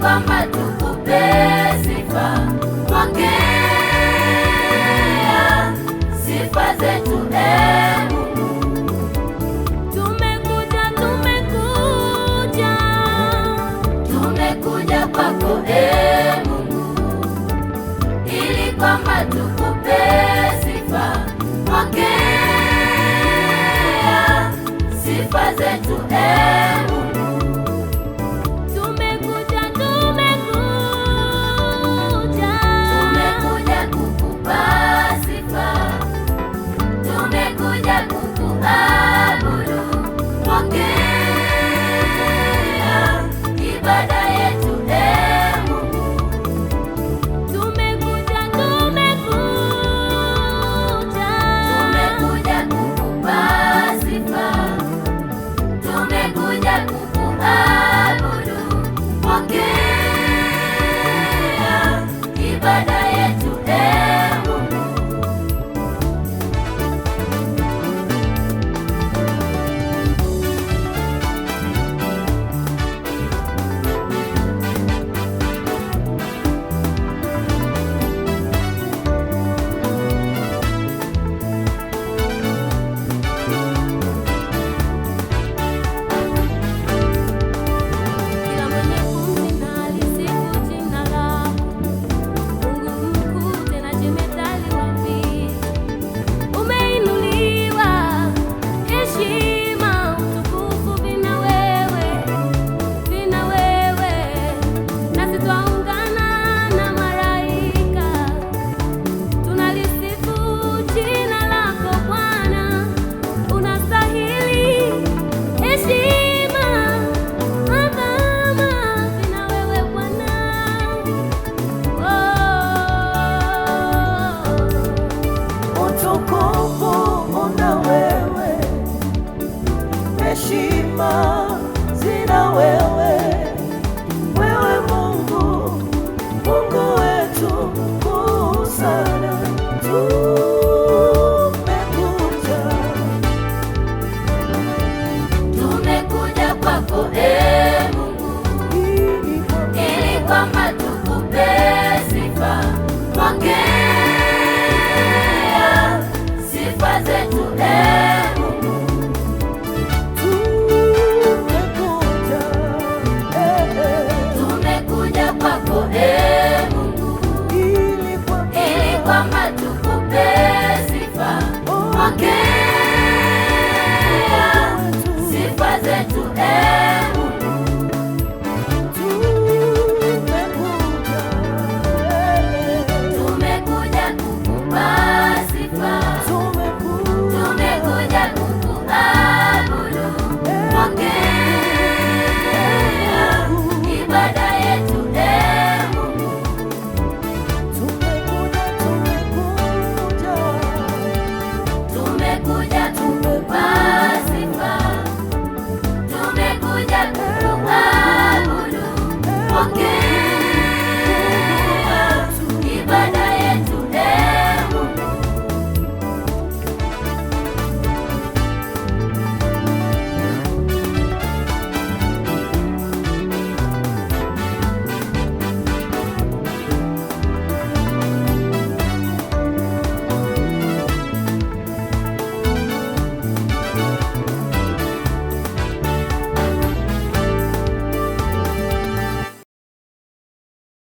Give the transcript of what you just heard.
kwamba tukupe sifa pokea sifa zetu e tumekuja kwako ee ili sifa sifa zetu ee kupokea ibada yetu e Mungu, tumekuja tumekuja tumekuja kukupa sifa, tumekuja kukuabudu. Pokea ibada heshima zina wewe again.